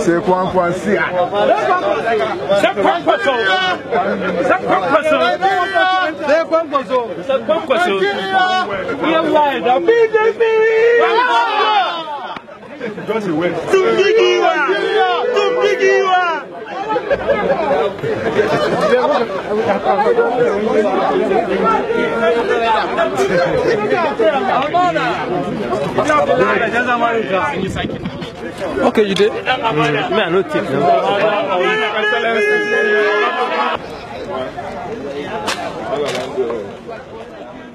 C'est quoi un poisson C'est quoi un poisson C'est quoi un C'est quoi un poisson C'est quoi un poisson Il Ok, il dit, mais un autre type. Hein.